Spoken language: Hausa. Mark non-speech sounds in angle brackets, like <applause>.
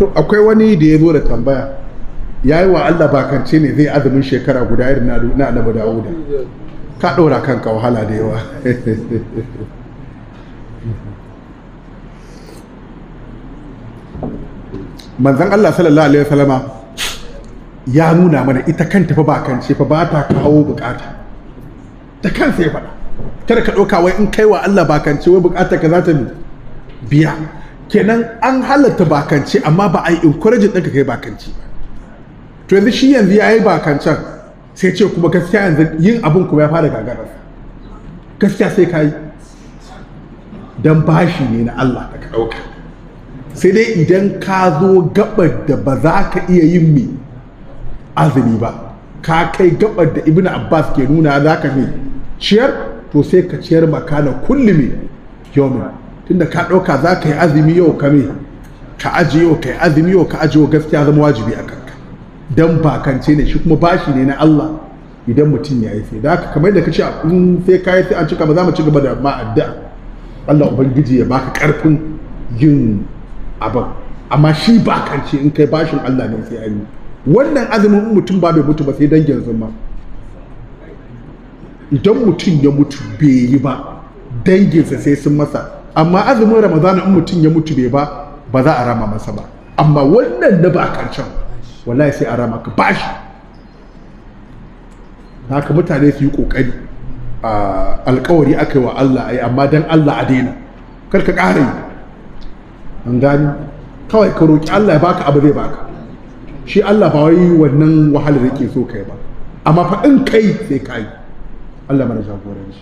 to akwai wani da ya zo da tambaya ya yi wa Allah bakance ne zai azumin shekara guda irin na annabi Dawuda ka ɗora kanka wahala da yawa <laughs> manzan Allah sallallahu alaihi wasallama ya nuna mana ita kan tafi bakance fa ba ta kawo bukata ta kansa ya faɗa kada ka ɗauka wai in kai wa Allah bakance wai bukata ka za ta biya kenan an halatta bakanci amma ba a yi encourage ɗinka kai bakanci ba to yanzu shi yanzu ya yi bakancan sai ce kuma gaskiya yanzu yin abin kuma ya fara gagararsa gaskiya sai ka yi don bashi ne na Allah ka sai dai idan ka zo gabar da ba za ka iya yin mai azumi ba ka kai gabar da ibn abbas ke nuna za ka ne ciyar to sai ka ciyar makana kullum yomin tunda ka ɗauka za ka yi azumi yau ka me ka aji yau ka yi azumi yau ka aji yau gaskiya zama wajibi a kanka dan bakance ne shi kuma bashi ne na Allah idan mutum ya yi sai da haka kamar da ka ce in sai ka yi sai an cika ba za mu ci gaba da ma'adda Allah ubangiji ya baka karfin yin abin amma shi bakance in kai bashin Allah ne sai an yi wannan azumin mutum ba bai mutu ba sai dangin zuma idan mutum ya mutu bai yi ba danginsa sai sun masa amma azumin ramadana in mutum ya mutu bai ba ba za a rama masa ba amma wannan na ba a karshen wallahi sai a rama ka bashi haka mutane su yi kokari a alkawari aka yi wa Allah ai amma dan Allah a daina kar ka ƙara yi an gani kawai ka roki Allah ya baka abu zai baka shi Allah ba wai wannan wahalar yake so kai ba amma fa in kai sai kai Allah mana jagoranci